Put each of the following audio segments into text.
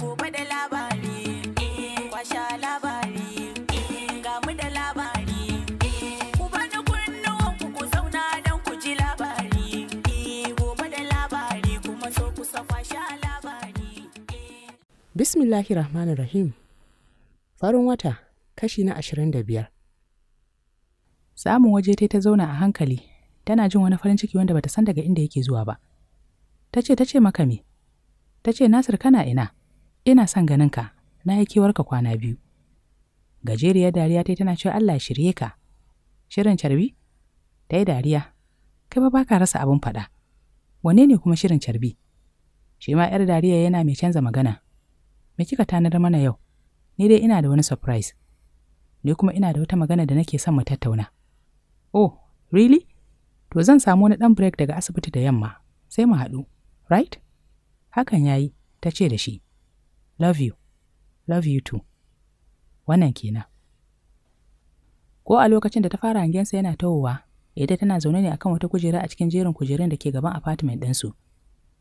gobe da labari eh, kwasha labari eh, ga mu da labari eh, ku bani kunnuwan ku ku zauna don ku ji labari gobe da labari kuma so ku kwasha labari bismillahir rahmanir rahim farin wata kashi na ashirin da biyar. samun waje ta zauna a hankali tana jin wani farin ciki wanda bata san daga inda yake zuwa ba ta ce ta ce maka me ta ce Nasir kana ina? ina son ganin ka na yi kewarka kwana biyu gajeriyar dariya ta yi tana cewa Allah shirye ka shirin carbi ta yi dariya kai ba baka rasa abin faɗa wane ne kuma shirin carbi shi ma yar dariya yana mai canza magana me kika tanar mana yau ni dai ina da wani surprise ni kuma ina da wata magana da nake son mu tattauna oh really to zan samu wani ɗan break daga asibiti da yamma sai mu haɗu right hakan yayi ta ce da shi Love you, love you too. Wannan kenan. Ko a lokacin da ta fara hangensa yana tawowa, idan tana zaune ne akan wata kujera a cikin jerin kujerun da ke gaban apartment ɗinsu.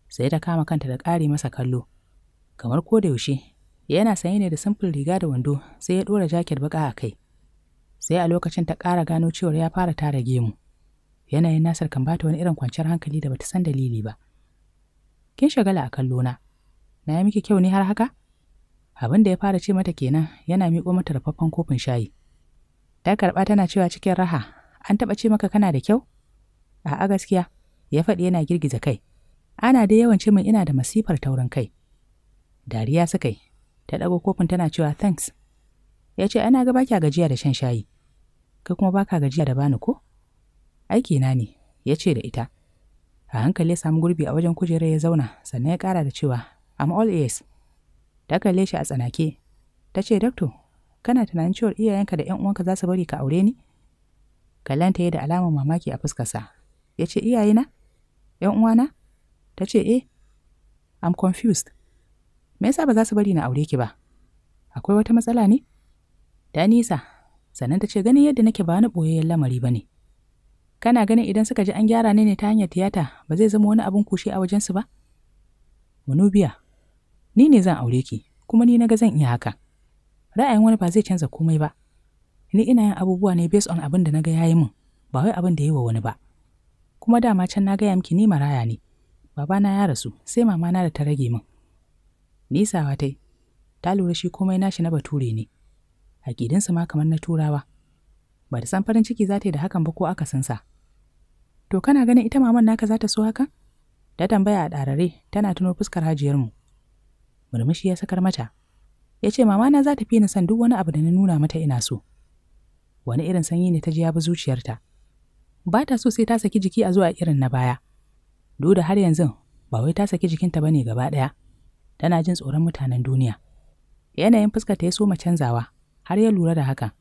Sai ta kama kanta da ƙari masa kallo. Kamar ko da yaushe, yana sanye ne da simple riga da wando sai ya ɗora jaket baƙa a kai. Sai a lokacin ta ƙara gano cewar ya fara tara gemu. Yanayin nasar kan bata wani irin kwanciyar hankali da bata san dalili ba. Kin shagala a kallo Na yi miki kyau ne har haka? Abin da ya fara ce mata kenan yana miƙo mata rufaffen kofin shayi. Ta karɓa tana cewa cikin raha, an taɓa ce maka kana da kyau? A'a gaskiya, ya faɗi yana girgiza kai. Ana dai yawan ce min ina da masifar taurin kai. Dariya suka yi, ta ɗago kofin tana cewa thanks. Ya ce ana ga baki gajiya da shan shayi. Kai kuma baka gajiya da bani ko? Aiki na ne, ya ce da ita. A hankali ya samu gurbi a wajen kujerar ya zauna, sannan ya ƙara da cewa I'm all ears. ta kalle shi a tsanake ta ce dakto kana tunanin cewar iyayenka da 'yan uwanka za su bari ka aure ni kallon ta yi da alamar mamaki a fuskarsa ya ce iyayena 'yan uwana ta ce eh i'm confused me yasa ba za su bari na aure ki ba akwai wata matsala ne ta nisa sannan ta ce ganin yadda nake ba wani boyayyen lamari ba ne kana ganin idan suka ji an gyara ne ne ta hanyar tiyata ba zai zama wani abin kushe a wajensu ba? Manubiya, ni ne zan aure ki kuma ni naga zan iya haka ra'ayin wani ba zai canza komai ba ni ina yin abubuwa ne based on abin da naga yayi min ba wai abin da yayi wa wani ba kuma dama can na gaya miki ni maraya ne babana ya rasu sai mamana da ta rage min nisawa tai ta lura shi komai nashi na bature ne aƙidinsa ma kamar na turawa ba da san farin ciki za ta yi da hakan ba ko aka sa. to kana ganin ita maman naka za ta so haka ta tambaya a ɗarare tana tuno fuskar hajiyarmu murmushi ya sakar mata ya ce mamana za ta fi ni son duk wani abu da na nuna mata ina so wani irin sanyi ne ta ji ya bi zuciyarta ba ta so sai ta saki jiki a zuwa irin na baya duk da har yanzu ba wai ta saki jikinta ne gaba ɗaya tana jin tsoron mutanen duniya yanayin fuskarta ya so ma canzawa har ya lura da haka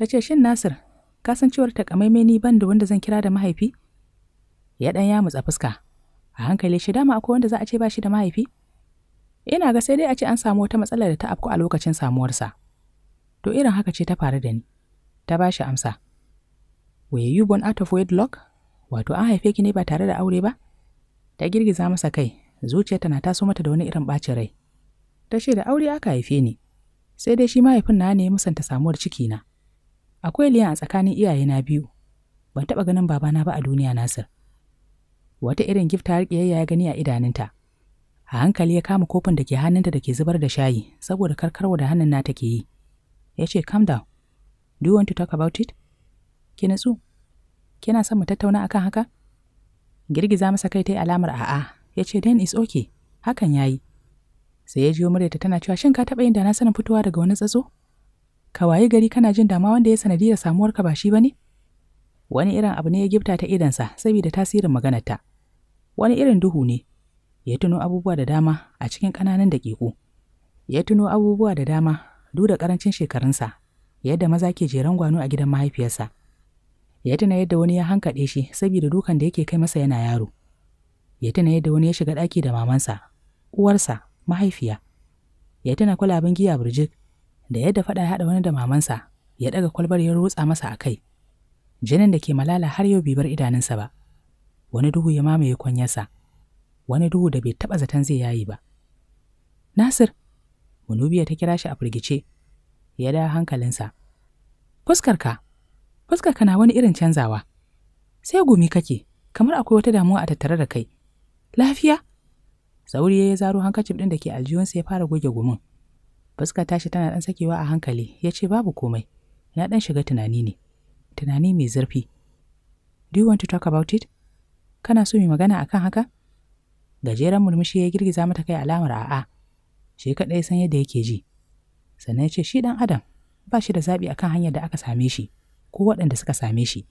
ta ce shin nasir ka san cewar takamaimai ni ban da wanda zan kira da mahaifi ya ɗan ya mutsa fuska a hankali shi dama akwai wanda za a ce ba shi da mahaifi Ina ga sai dai a ce an samu wata matsala da ta afku a lokacin samuwarsa. To irin haka ce ta faru da ni. Ta ba shi amsa. Were you born out of wedlock? Wato an haife ki ne ba tare da aure ba? Ta girgiza masa kai, zuciya tana taso mata da wani irin ɓacin rai. Ta ce da aure aka haife ni, sai dai shi mahaifin na ne musanta samuwar ciki na. Akwai liyan a tsakanin iyaye na biyu, ban taɓa ganin babana ba a duniya Nasir. Wata irin gifta har ya gani a idanunta. A hankali ya kama kofin da ke hannunta da ke zubar da shayi saboda karkarwa da hannun nata ke yi. Ya ce, Calm down. Do you want to talk about it? Ki natsu. Kina son mu tattauna akan haka? Girgiza masa kai ta yi alamar a'a. Ya ce, Then it's okay. Hakan yayi. Sai ya jiyo ta tana cewa shin ka taɓa yin da na sanin fitowa daga wani tsatso? Ka wayi gari kana jin dama wanda ya sanadiyar samuwarka ba shi ba ne? Wani irin abu ne ya gifta ta idansa saboda tasirin maganarta. Wani irin duhu ne, ya tuno abubuwa da dama a cikin ƙananan daƙiƙu. Ya tuno abubuwa da dama duk da ƙarancin shekarunsa, yadda maza ke jeran gwano a gidan mahaifiyarsa. Ya tuna yadda wani ya hankaɗe shi saboda dukan da yake kai masa yana yaro. Ya tuna yadda wani ya shiga ɗaki da mamansa, uwarsa, mahaifiya. Ya tuna kwalaben giya birjik da yadda faɗa ya haɗa wani da mamansa ya ɗaga kwalbar ya rotsa masa a kai. Jinin da ke malala har yau bai bar idanunsa ba. Wani duhu ya mamaye kwanyarsa. wani duhu da bai taɓa zaton zai yayi ba. Nasir, Munubiya ta kira shi a firgice, ya da hankalinsa. Fuskarka, ka na wani irin canzawa. Sai gumi kake, kamar akwai wata damuwa a tattare da kai. Lafiya? Sauri ya zaro hankacin ɗin da ke aljihunsa ya fara goge gumin. Fuskar tashi tana ɗan sakewa a hankali, ya ce babu komai. Na ɗan shiga tunani ne. Tunani mai zurfi. Do you want to talk about it? Kana so mai magana akan haka? Gajeren murmushi ya girgiza mata kai alamar a'a. Shi kadai san yadda yake ji. Sannan ya ce shi ɗan Adam ba shi da zaɓi akan hanyar da aka same shi ko waɗanda suka same shi.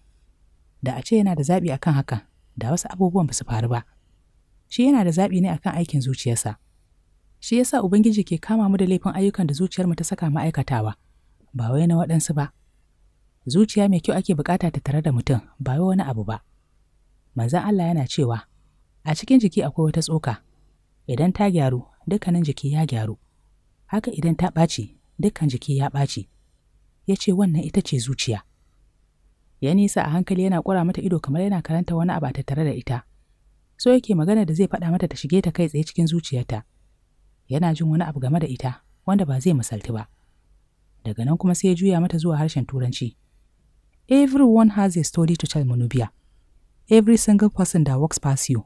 Da a ce yana da zaɓi akan haka da wasu abubuwan ba su faru ba. Shi yana da zaɓi ne akan aikin zuciyarsa. Shi yasa Ubangiji ke kama mu da laifin ayyukan da zuciyarmu ta saka mu aikatawa, ba wai na waɗansu ba. Zuciya mai kyau ake bukata ta tare da mutum, ba wai wani abu ba. Manzon Allah yana cewa, A cikin jiki akwai wata tsoka, idan ta gyaru, dukkanin jiki ya gyaru. Haka idan ta ɓaci, dukkan jiki ya ɓaci. Ya ce wannan ita ce zuciya. Ya nisa a hankali yana kura mata ido kamar yana karanta wani abu a tattare da ita. So yake magana da zai faɗa mata ta shige ta kai tsaye cikin zuciyarta. Yana jin wani abu game da ita, wanda ba zai misalti ba. Daga nan kuma sai ya juya mata zuwa harshen Turanci. Everyone has a story to tell Manubia. Every single person that walks past you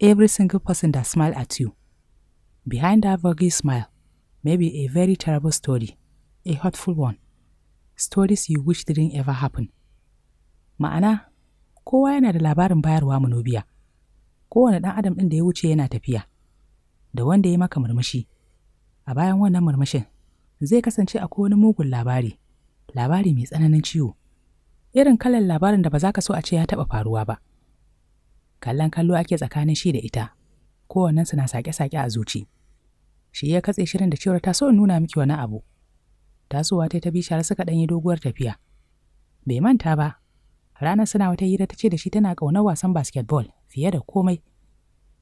Every single person that smiled at you. Behind that vulgar smile may be a very terrible story, a hurtful one. Stories you wish didn't ever happen. Ma'ana, kowa yana da labarin bayarwa munubiya, Kowane ɗan adam ɗin da ya wuce yana tafiya, da wanda ya maka murmushi. A bayan wannan murmushin, zai kasance a wani mugun labari, labari mai tsananin ciwo. Irin kalan labarin da ba za ka so a ce ya taɓa faruwa ba. kallon kallo ake tsakanin shi da ita kowannensu na sake-sake a zuci shi ya katse shirin da cewar ta so nuna miki wani abu tasowa ta ta bishar suka ɗanyi doguwar tafiya bai manta ba ranar suna wata hira ta ce da shi tana ƙaunar wasan basketball fiye da komai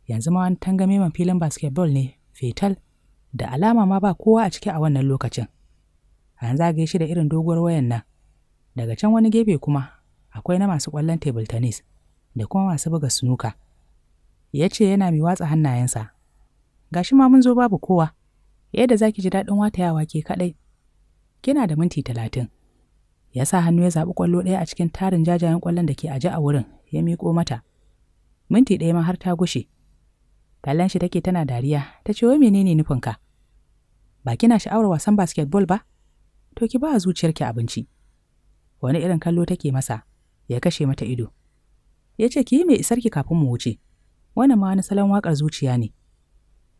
yanzu ma wani tangame man filin basketball ne fetal da alama ma ba kowa a ciki a wannan lokacin an zagaye shi da irin doguwar wayan nan daga can wani gefe kuma akwai na masu ƙwallon table tennis da kuma masu buga sunuka. Ya ce yana mai watsa hannayensa. Gashi ma mun zo babu kowa, yadda za ki ji daɗin watayawa ke kaɗai. Kina da minti talatin. Ya sa hannu ya zaɓi ƙwallo ɗaya a cikin tarin jajayen ƙwallon da ke aje a wurin, ya miƙo mata. Minti ɗaya ma har ta gushe. Kallon shi take tana dariya, ta ce wai menene nufinka? Ba kina sha'awar wasan basketball ba? To ki ba zuciyarki abinci. Wani irin kallo take masa, ya kashe mata ido. ya ce ki yi mai isarki kafin mu wuce wannan ma wani salon waƙar zuciya ne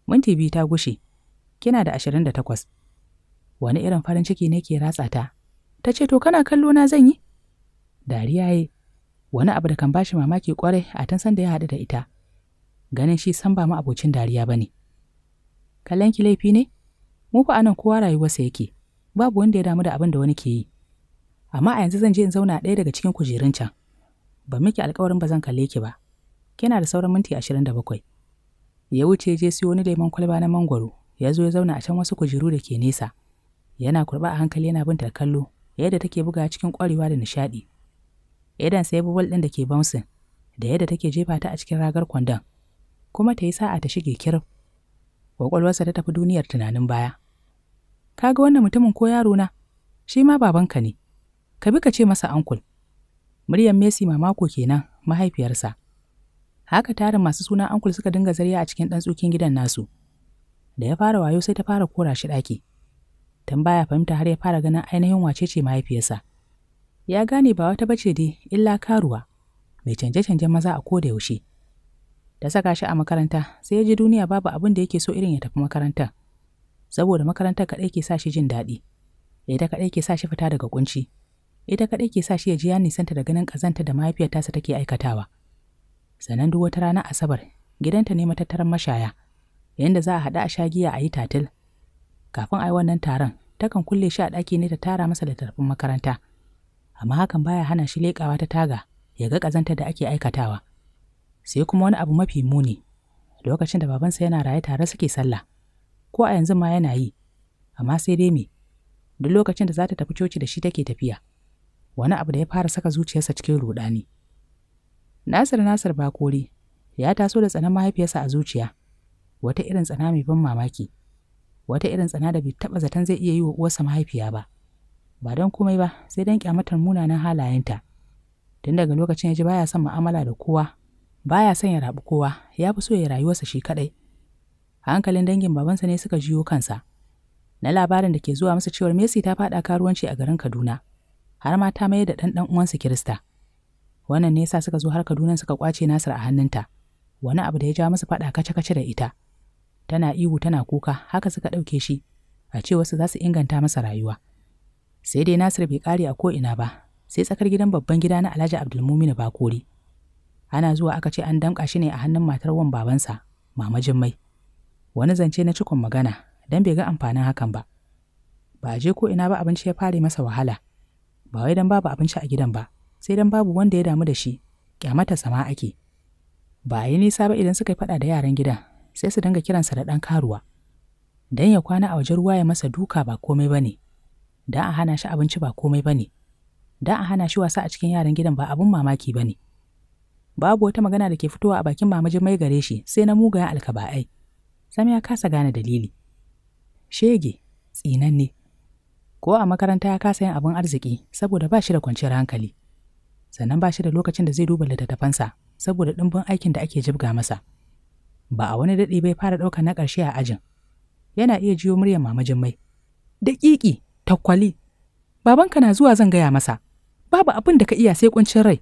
minti biyu ta gushe kina da ashirin da takwas wani irin farin ciki ne ke ratsa ta ta ce to kana kallo na zan yi dariya ye wani abu da kan bashi mamaki kwarai a tun san da ya haɗu da ita ganin shi san ba mu abocin dariya ba ne kallon ki laifi ne mu fa anan kowa rayuwarsa yake babu wanda ya damu da abin da wani ke yi amma a yanzu zan je in zauna ɗaya daga cikin kujerun can Ba miki alkawarin ba zan kalle ki ba. Kina da sauran minti ashirin da bakwai. Ya wuce je siyo wani lemon kwalba na mangwaro, ya zo ya zauna a can wasu kujeru da ke nesa. Yana kurba a hankali yana bin ta kallo, yadda take buga cikin ƙwarewa da nishaɗi. Idan sai bubul ɗin da ke bansi, da yadda take jefa ta a cikin ragar kwandon, kuma ta yi sa'a ta shige kirif. Ƙwaƙwalwarsa ta tafi duniyar tunanin baya. Ka ga wannan mutumin ko yaro na, shi ma babanka ne, ka bi ka ce masa ankul. Muryar Messi mamako kenan, mahaifiyarsa. Haka tarin masu suna ankul suka dinga zarya a cikin ɗan tsukin gidan nasu. Da ya fara wayo sai ta fara kora shi ɗaki. baya fahimta har ya fara ganin ainihin wace ce mahaifiyarsa. Ya gane ba wata bace dai illa karuwa, mai canje-canjen maza a koda yaushe. Ta saka shi a makaranta sai ya ji duniya babu abin da yake so irin ya tafi makarantar. Saboda makarantar kaɗai ke sa shi jin daɗi, da ita kaɗai ke sa shi fita daga ƙunci. ita kaɗai ke sa shi ya ji ya nisanta da ganin ƙazanta da mahaifiyar tasa take aikatawa. Sannan duk wata rana Asabar, gidanta ne matattaran mashaya, yadda za a haɗu a shagiya a yi tatil. Kafin a yi wannan taron, takan kulle shi a ɗaki ne ta tara masa littattafan makaranta. Amma hakan baya hana shi leƙawa ta taga, ya ga ƙazanta da ake aikatawa. Sai kuma wani abu mafi muni, lokacin da babansa yana raye tare suke sallah. Ko a yanzu ma yana yi, amma sai dai me, duk lokacin da za ta tafi coci da shi take tafiya. wani abu da ya fara saka zuciyarsa cikin ruɗani. Nasir Nasir Bakori ya taso da tsanan mahaifiyarsa a zuciya, wata irin tsana mai ban mamaki, wata irin tsana da bai taɓa zaton zai iya yi wa uwarsa mahaifiya ba, ba don komai ba sai don kyamatar munanan halayenta. Tun daga lokacin ya ji baya son mu'amala da kowa, baya son ya rabu kowa, ya fi so ya rayuwarsa shi kaɗai. Hankalin dangin babansa ne suka jiyo kansa. Na labarin da ke zuwa masa cewar Messi ta faɗa karuwanci a garin Kaduna. har ma ta mayar da ɗan ɗan uwansu Kirista. Wannan ne yasa suka zo har Kaduna suka kwace Nasir a hannunta. Wani abu da ya ja masu faɗa kace-kace da ita. Tana ihu tana kuka haka suka ɗauke shi a ce wasu za su inganta masa rayuwa. Sai dai Nasir bai kare a ko'ina ba, sai tsakar gidan babban gida na Alhaji Abdulmumin Bakori. Ana zuwa aka ce an damƙa shi ne a hannun matar wan babansa, Mama Jummai. Wani zance na cikon magana, don bai ga amfanin hakan ba. Ba a je ko ina ba abinci ya fare masa wahala. ba wai dan babu abinci a gidan ba sai dan babu wanda ya damu da shi kyamata sama ake ba a yi nisa ba idan suka yi faɗa da yaran gidan sai su dinga kiransa da ɗan karuwa dan ya kwana a wajen ruwa ya masa duka ba komai bane da a hana shi abinci ba komai bane da a hana shi wasa a cikin yaran gidan ba abun mamaki bane babu wata magana da ke fitowa a bakin mamajin mai gare shi sai na mugayen alkaba'ai sam ya kasa gane dalili shege tsinanne ko a makaranta ya kasa yin abin arziki saboda ba shi da kwanciyar hankali sannan ba shi da lokacin da zai duba littattafansa saboda ɗimbin aikin da ake jibga masa ba a wani daɗi bai fara ɗauka na ƙarshe a ajin yana iya jiyo muryar mama jimmai daƙiƙi takwali babanka na zuwa zan gaya masa babu abin da ka iya sai kuncin rai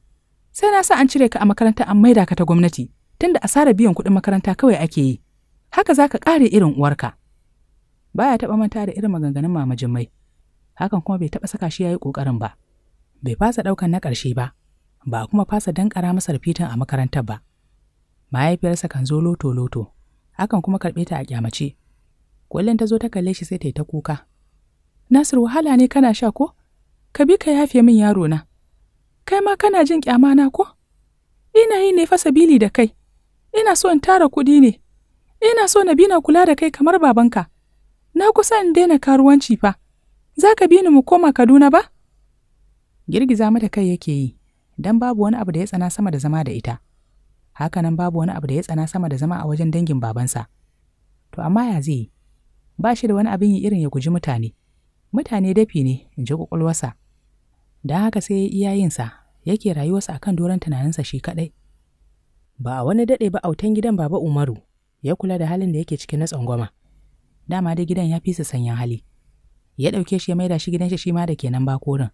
sai na sa an cire ka a makaranta an maida ka ta gwamnati tunda asarar biyan kuɗin makaranta kawai ake yi haka za ka ƙare irin uwarka baya taɓa manta da irin maganganun mama jimmai hakan kuma bai taɓa saka shi ya yi ƙoƙarin ba. Bai fasa ɗaukan na ƙarshe ba, ba kuma fasa danƙara masa rufitin a makarantar ba. Mahaifiyarsa kan zo loto-loto, hakan kuma karɓe ta a kyamace. Kullum ta zo ta kalle shi sai ta yi ta kuka. Nasir wahala ne kana sha ko? Ka bi ka yafe min yaro na. Kai ma kana jin ƙyama na ko? Ina yi ne fasa bili da kai. Ina so in tara kuɗi ne. Ina so na bina kula da kai kamar babanka. Na kusa in daina karuwanci fa. za ka bi ni mu koma Kaduna ba? Girgiza mata kai yake yi, don babu wani abu da ya tsana sama da zama da ita. Hakanan babu wani abu da ya tsana sama da zama a wajen dangin babansa. To amma ya zai yi, ba shi da wani abin yi irin ya guji mutane. Mutane dafi ne, in ji ƙwaƙwalwarsa. Don haka sai ya iyayensa yake rayuwarsa a kan doron tunaninsa shi kaɗai. Ba a wani daɗe ba autan gidan Baba Umaru, ya kula da halin da yake ciki na tsangwama. Dama dai gidan ya fi su sanyin hali. ya ɗauke shi ya maida shi gidan shi ma da kenan ba korin.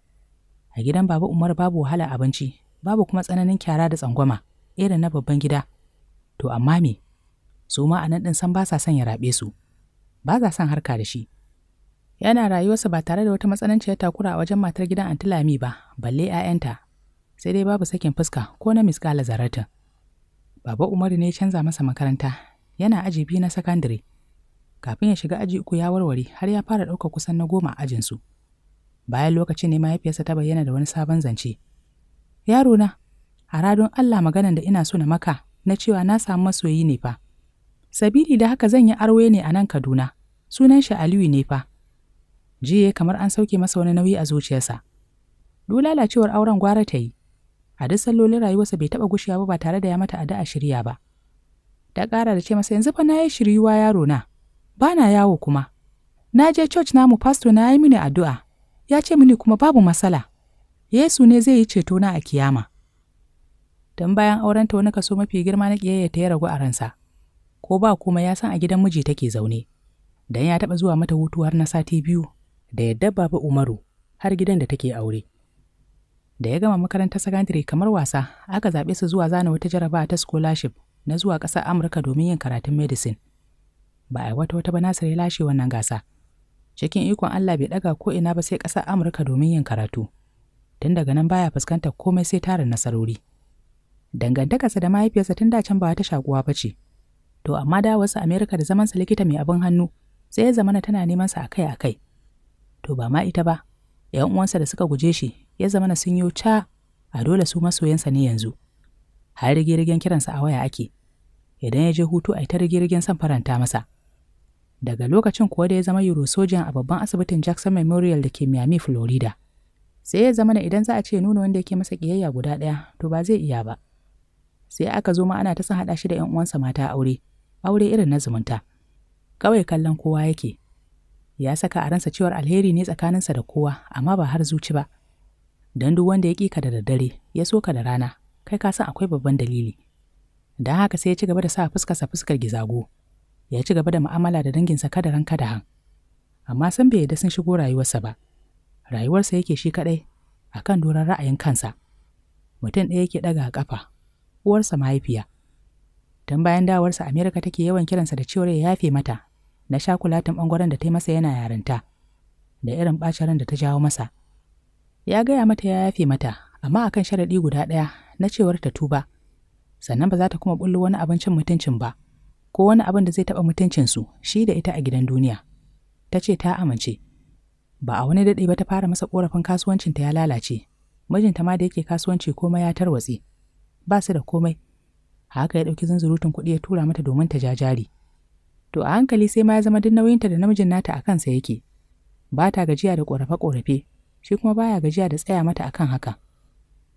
A gidan Baba Umar babu wahala abinci, babu kuma tsananin kyara da tsangwama, irin na babban gida. To amma me? Su ma a nan ɗin san ba sa son ya raɓe su, ba za son harka da shi. Yana rayuwarsa ba tare da wata matsananciyar takura a wajen matar gidan Antilami ba, balle 'ya'yanta, sai dai babu sakin fuska ko na miskala zaratin. Baba Umar ne ya canza masa makaranta, yana aji biyu na sakandare. Kafin ya shiga aji uku ya warware har ya fara ɗaukar kusan na goma a ajinsu. Bayan lokacin ne mahaifiyarsa ta bayyana da wani sabon zance. Yaro na, a don Allah maganan da ina so na maka na cewa na samu masoyi ne fa. Sabili da haka zan yi arwe ne a nan Kaduna, sunan shi Aliyu ne fa. Jiya kamar an sauke masa wani nauyi a zuciyarsa. Duk lalacewar auren gwara ta yi, a duk sallolin rayuwarsa bai taɓa gushewa ba tare da ya mata addu'a shirya ba. Ta ƙara da ce masa yanzu fa na yi shiryuwa yaro na, ba na yawo kuma. Na je church namu pastor na yi mini addu'a, ya ce mini kuma babu matsala. Yesu ne zai yi ceto na a kiyama. Don bayan aurenta wani kaso mafi girma na ƙiyayya ta ya ragu a ransa, ko ba kuma ya san a gidan miji take zaune. don ya taɓa zuwa mata hutu har na sati biyu, da yadda baba Umaru har gidan da take aure. Da ya gama makarantar sakandare kamar wasa, aka zaɓe su zuwa zana wata jarabawa ta scholarship na zuwa ƙasar Amurka domin yin karatun medicine. ba a wata wata ba Nasir ya lashe wannan gasa. Cikin ikon Allah bai ɗaga ko ina ba sai ƙasar Amurka domin yin karatu. Tun daga nan baya fuskantar komai sai tarin nasarori. Dangantakarsa da mahaifiyarsa tun da can ba ta shakuwa ba ce. To amma da wasu Amerika da zamansa likita mai abin hannu sai ya zamana tana neman sa akai akai. To ba ma ita ba, ‘yan uwansa da suka guje shi ya zamana sun yi ca a dole su masoyansa ne yanzu. Har rige-rigen kiransa a waya ake. Idan ya je hutu a ta rige-rigen son faranta masa. daga lokacin kuwa da ya zama Eurosojan a babban asibitin Jackson Memorial da ke Miami, Florida. Sai ya zama na idan za a ce nuna wanda yake masa kiyayya guda ɗaya, to ba zai iya ba. Sai aka zo ma ana ta san haɗa shi da 'yan uwansa mata aure, aure irin na zumunta. Kawai kallon kowa yake. Ya saka a ransa cewar alheri ne tsakaninsa da kowa, amma ba har zuci ba. Don duk wanda ya ƙi da daddare, ya so ka da rana, kai ka san akwai babban dalili. Don haka sai ya ci gaba da sa fuskarsa fuskar gizago. ya ci gaba da mu'amala da danginsa kada ranka da han. Amma san bai yadda sun shigo rayuwarsa ba. Rayuwarsa yake shi kaɗai akan kan doron ra'ayin kansa. Mutum ɗaya yake ɗaga a ƙafa, uwarsa mahaifiya. Tun bayan dawarsa Amerika take yawan kiransa da cewar ya yafe mata na shakulatin ɓangaren da ta yi masa yana yarinta da irin ɓacin da ta jawo masa. Ya gaya mata ya yafe mata, amma akan sharaɗi guda ɗaya na cewar ta tuba, sannan ba za ta kuma bullo wani abincin mutuncin ba. ko wani abin da zai taɓa mutuncinsu shi da ita a gidan duniya. Ta ce ta amince. Ba a wani daɗe ba ta fara masa ƙorafin kasuwancinta ya lalace, mijinta ma da yake kasuwanci komai ya tarwatse. Ba su da komai. Haka ya ɗauki zunzurutun kuɗi ya tura mata domin ta ja jari. To a hankali sai ma ya zama duk nauyinta da namijin nata a kansa yake. Ba ta gajiya da ƙorafe-ƙorafe, shi kuma baya gajiya da tsaya mata akan haka.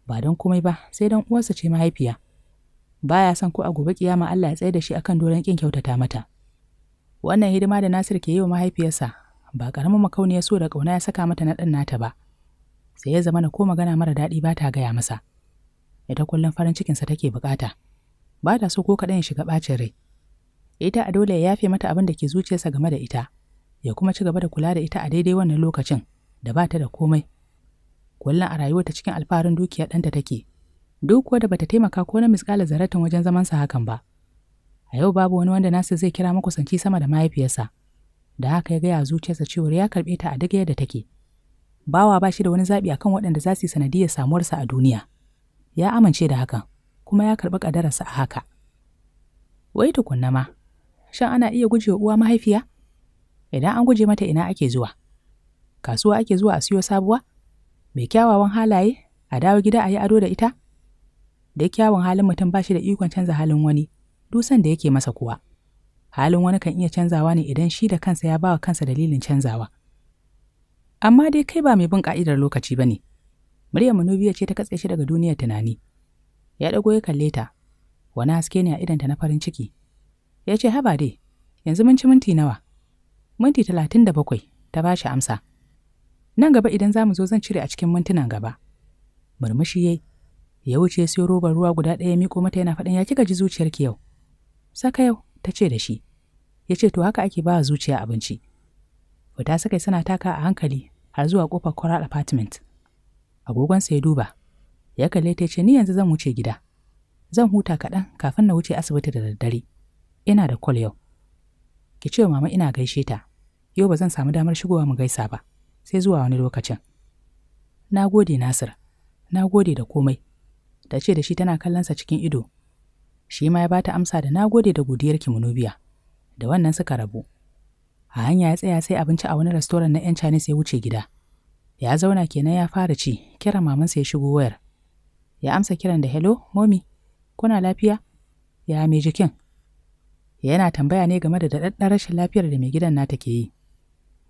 Ba don komai ba, sai don uwarsa ce mahaifiya. baya son ko a gobe kiyama Allah ya tsaye da shi akan doron kin kyautata mata wannan hidima da Nasir ke yi wa mahaifiyarsa ba karamin makauniya so da kauna ya saka mata na ɗan nata ba sai ya zama na ko magana mara daɗi ba ta gaya masa ita kullum farin sa take bukata ba ta so ko kaɗan ya shiga ɓacin rai ita a dole ya yafe mata abin da ke zuciyarsa game da ita ya kuma ci gaba da kula da ita a daidai wannan lokacin da ba ta da komai kullum a rayuwarta cikin alfaharin dukiyar ɗanta take duk wadda bata taimaka ko na misƙala zaratin wajen zamansa hakan ba. A yau babu wani wanda nasa zai kira sanci sama da mahaifiyarsa, da haka ya gaya zuciyarsa cewar ya karɓe ta a duk yadda take. Bawa ba shi da wani zaɓi akan waɗanda za su yi samuwar sa a duniya. Ya amince da hakan, kuma ya karɓi ƙadararsa a haka. Wai tukunna ma, shan ana iya gujewa uwa mahaifiya? Idan an guje mata ina ake zuwa? Kasuwa ake zuwa a siyo sabuwa? Mai kyawawan halaye, a dawo gida a yi ado da ita? da kyawun halin mutum ba shi da ikon canza halin wani dusan da yake masa kuwa halin wani kan iya canzawa ne idan shi da kansa ya bawa kansa dalilin canzawa amma dai kai ba mai bin ka'idar lokaci ba ne muryar manubiya ce ta katse shi daga duniyar tunani ya ɗago ya kalle ta wani haske ne a idanta na farin ciki ya ce haba dai yanzu mun ci minti nawa minti talatin da bakwai ta ba shi amsa nan gaba idan za mu zo zan cire a cikin mintunan gaba murmushi yayi ya wuce sai robar ruwa guda ɗaya miko mata yana faɗin ya kika ji zuciyarki yau saka yau ta ce da shi ya ce to haka ake ba zuciya abinci fita sakai sana taka a hankali har zuwa kofar coral apartment agogonsa ya duba ya kalle ta ce ni yanzu zan wuce gida zan huta kaɗan kafin na wuce asibiti da daddare ina da kwal yau ki ce mama ina gaishe ta yau ba zan samu damar shigowa mu gaisa ba sai zuwa wani lokacin na gode nasir na gode da komai da ce da shi tana kallon sa cikin ido. Shi ma ya ba ta amsa da na gode da godiyar kimunubiya. Da wannan suka rabu. A hanya ya tsaya sai abinci a wani restoran na 'yan Chinese ya wuce gida. Ya zauna kenan ya fara ci, kira mamansa ya shigo wayar. Ya amsa kiran da hello, mommy, kuna lafiya? Ya mai jikin? Yana tambaya ne game da daɗaɗɗen rashin lafiyar da mai gidan nata ke yi.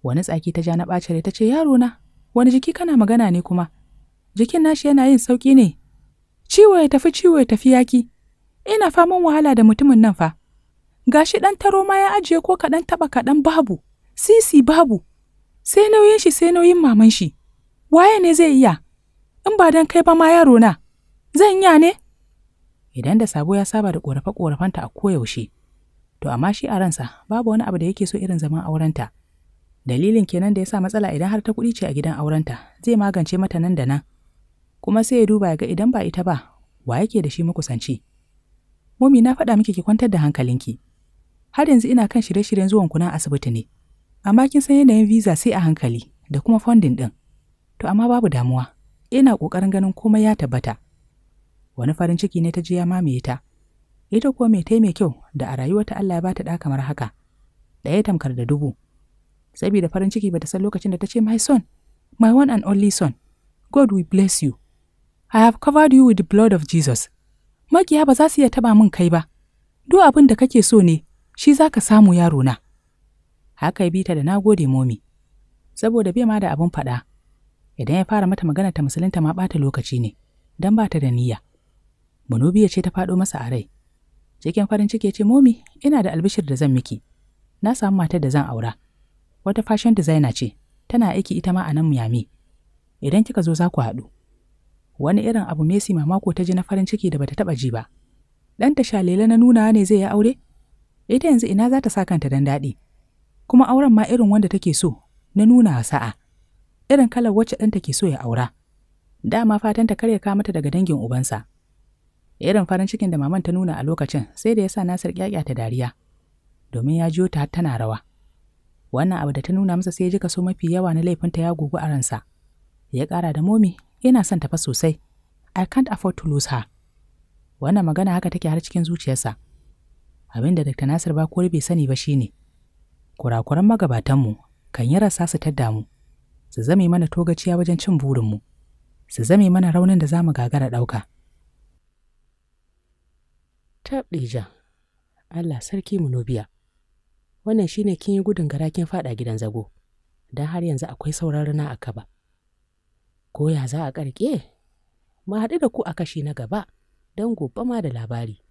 Wani tsaki ta ja na ɓacin ta ce yaro na, wani jiki kana magana ne kuma? Jikin nashi yana yin sauƙi ne, Ciwo ya tafi ciwo ya tafi yaki. Ina faman wahala da mutumin nan fa. Gashi ɗan taro ma ya ajiye ko kaɗan taɓa kaɗan babu, sisi babu. Sai nauyin shi sai nauyin maman shi. Waye ne zai iya? In ba dan kai ba ma yaro na. Zan iya ne? Idan da sabo ya saba da ƙorafe-ƙorafenta a koyaushe. To amma shi a ransa babu wani abu da yake so irin zaman aurenta. Dalilin kenan da ya sa matsala idan har ta kuɗi ce a gidan aurenta zai magance mata nan da nan. kuma sai ya duba ga idan ba ita ba wa yake da shi makusanci mumi na faɗa miki ki kwantar da hankalinki har yanzu ina kan shirye-shiryen zuwan kuna asibiti ne amma kin san yanayin visa sai a hankali da kuma funding ɗin. to amma babu damuwa ina ƙoƙarin ganin komai ya tabbata wani farin ciki ne ta ji ya mamaye ta ita kuwa mai tai mai kyau da a rayuwarta Allah ya bata da kamar haka ɗaya tamkar da dubu saboda farin ciki bata san lokacin da ta ce my son my one and only son god we bless you I have covered you with the blood of Jesus. Makiya ba za su iya taba min kai ba. Duk abin da kake so ne, shi za ka samu yaro na. Haka ya bi ta da na gode momi, saboda bai ma da abin faɗa. Idan ya fara mata magana ta musulunta ma ɓata lokaci ne, don ba ta da niyya. Manubiya ce ta faɗo masa a rai. Cikin farin ciki ya ce, Momi, ina da albishir da zan miki. Na samu matar da zan aura. Wata fashion designer ce, tana aiki ita ma a nan Miami. Idan kika zo za ku haɗu. wani irin abu Messi mamako ta ji na farin ciki da bata taba ji ba. Ɗanta shalele na nunawa ne zai yi aure? Ita yanzu ina za ta sa kanta dan daɗi. Kuma auren ma irin wanda take so na nuna sa'a. Irin kalar wacce ɗanta ke so ya aura. Dama fatan ta karya ka mata daga dangin ubansa. Irin farin cikin da maman ta nuna a lokacin sai da ya sa Nasir ƙyaƙya ta dariya. Domin ya jiyo ta tana rawa. Wannan abu da ta nuna masa sai ya ji kaso mafi yawa na laifinta ya gugu a ransa. Ya ƙara da momi Yana son tafa sosai. I can't afford to lose her. Wannan magana haka take har cikin zuciyarsa. Abin da Dr. Nasir ba bai sani ba shine kurakuran magabatanmu kan yi rasa su tadda mu su zame mana togaciya wajen cin burinmu, su zame mana raunin da za mu gagara ɗauka. Taɗija, Allah sarki munobiya, wannan shine kin yi gudun gara kin faɗa gidan zago, don har yanzu akwai sauran rana akaba. ko ya za a ƙarƙe? Mu haɗu da ku a kashi na gaba don gobe ma da labari.